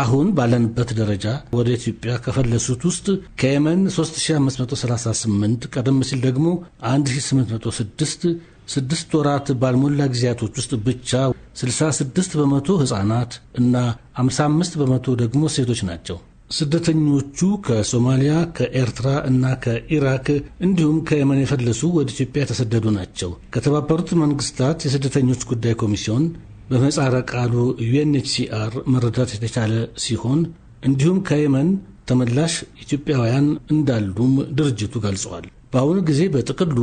አሁን ባለንበት ደረጃ ወደ ኢትዮጵያ ከፈለሱት ውስጥ ከየመን 3538 ቀደም ሲል ደግሞ 1806 ስድስት ወራት ባልሞላ ጊዜያቶች ውስጥ ብቻ 66 በመቶ ሕፃናት እና 55 በመቶ ደግሞ ሴቶች ናቸው። ስደተኞቹ ከሶማሊያ፣ ከኤርትራ እና ከኢራክ እንዲሁም ከየመን የፈለሱ ወደ ኢትዮጵያ የተሰደዱ ናቸው። ከተባበሩት መንግስታት የስደተኞች ጉዳይ ኮሚሲዮን በመጻረ ቃሉ ዩኤንኤችሲአር መረዳት የተቻለ ሲሆን እንዲሁም ከየመን ተመላሽ ኢትዮጵያውያን እንዳሉም ድርጅቱ ገልጸዋል። በአሁኑ ጊዜ በጥቅሉ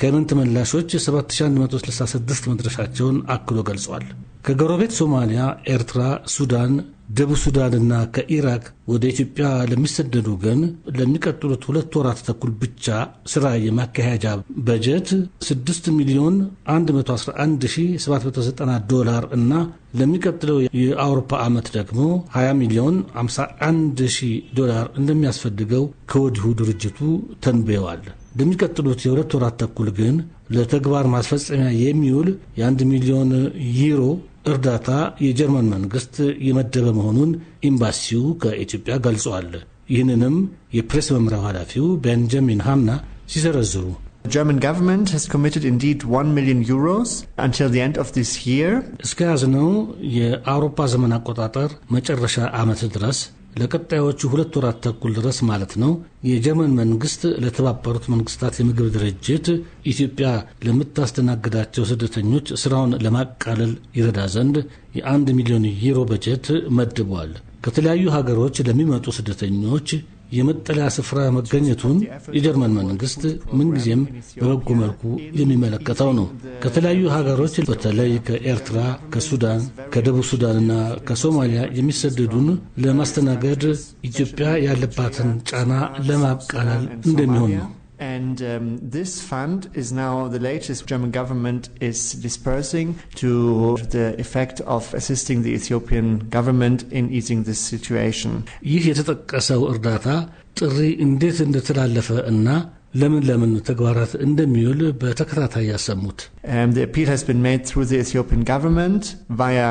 ከየመን ተመላሾች 7166 መድረሻቸውን አክሎ ገልጿል። ከጎረቤት ሶማሊያ፣ ኤርትራ፣ ሱዳን ደቡብ ሱዳንና ከኢራቅ ወደ ኢትዮጵያ ለሚሰደዱ ግን ለሚቀጥሉት ሁለት ወራት ተኩል ብቻ ስራ የማካሄጃ በጀት 6 ሚሊዮን 111790 ዶላር እና ለሚቀጥለው የአውሮፓ ዓመት ደግሞ 20 ሚሊዮን 51 ዶላር እንደሚያስፈልገው ከወዲሁ ድርጅቱ ተንብየዋል። ለሚቀጥሉት የሁለት ወራት ተኩል ግን ለተግባር ማስፈጸሚያ የሚውል የ1 ሚሊዮን ዩሮ እርዳታ የጀርመን መንግስት የመደበ መሆኑን ኤምባሲው ከኢትዮጵያ ገልጿል። ይህንንም የፕሬስ መምሪያው ኃላፊው ቤንጃሚን ሃና ሲዘረዝሩ እስከ ያዝነው የአውሮፓ ዘመን አቆጣጠር መጨረሻ ዓመት ድረስ ለቀጣዮቹ ሁለት ወራት ተኩል ድረስ ማለት ነው የጀርመን መንግስት ለተባበሩት መንግስታት የምግብ ድርጅት ኢትዮጵያ ለምታስተናግዳቸው ስደተኞች ስራውን ለማቃለል ይረዳ ዘንድ የአንድ ሚሊዮን ዩሮ በጀት መድቧል። ከተለያዩ ሀገሮች ለሚመጡ ስደተኞች የመጠለያ ስፍራ መገኘቱን የጀርመን መንግስት ምንጊዜም በበጎ መልኩ የሚመለከተው ነው። ከተለያዩ ሀገሮች በተለይ ከኤርትራ፣ ከሱዳን፣ ከደቡብ ሱዳንና ከሶማሊያ የሚሰደዱን ለማስተናገድ ኢትዮጵያ ያለባትን ጫና ለማቃለል እንደሚሆን ነው። And um, this fund is now the latest German government is dispersing to the effect of assisting the Ethiopian government in easing this situation. ይህ የተጠቀሰው እርዳታ ጥሪ እንዴት እንደተላለፈ እና ለምን ለምን ተግባራት እንደሚውል በተከታታይ ያሰሙት. Um, the appeal has been made through the Ethiopian government via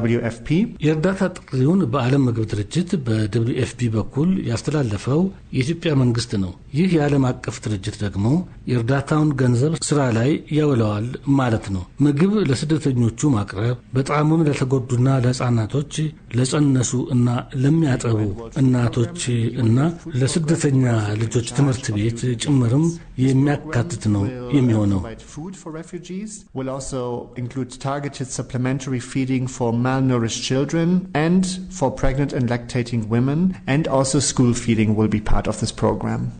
WFP የእርዳታ ጥሪውን በዓለም ምግብ ድርጅት በWFP በኩል ያስተላለፈው የኢትዮጵያ መንግስት ነው። ይህ የዓለም አቀፍ ድርጅት ደግሞ የእርዳታውን ገንዘብ ስራ ላይ ያውለዋል ማለት ነው። ምግብ ለስደተኞቹ ማቅረብ፣ በጣሙን ለተጎዱና ለህፃናቶች፣ ለጸነሱ እና ለሚያጠቡ እናቶች እና ለስደተኛ ልጆች ትምህርት ቤት ጭምርም የሚያካትት ነው የሚሆነው። malnourished children and for pregnant and lactating women, and also school feeding will be part of this program.